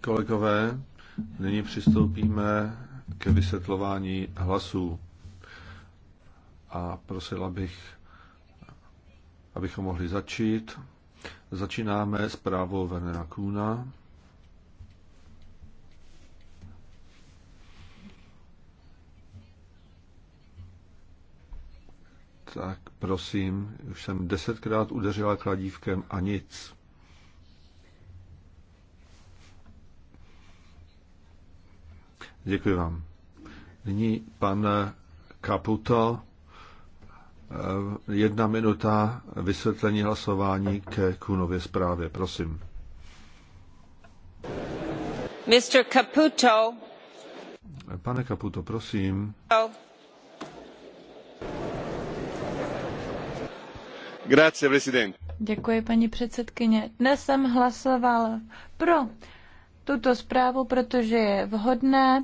Kolegové, nyní přistoupíme k vysvětlování hlasů. A prosila bych, abychom mohli začít. Začínáme s právou Vernera Kuna. tak prosím, už jsem desetkrát udeřila kladívkem a nic. Děkuji vám. Nyní pan Kaputo, eh, jedna minuta vysvětlení hlasování ke Kunově zprávě. Prosím. Mr. Caputo. Pane Caputo, prosím. Oh. Děkuji, paní předsedkyně. Dnes jsem hlasoval pro tuto zprávu, protože je vhodné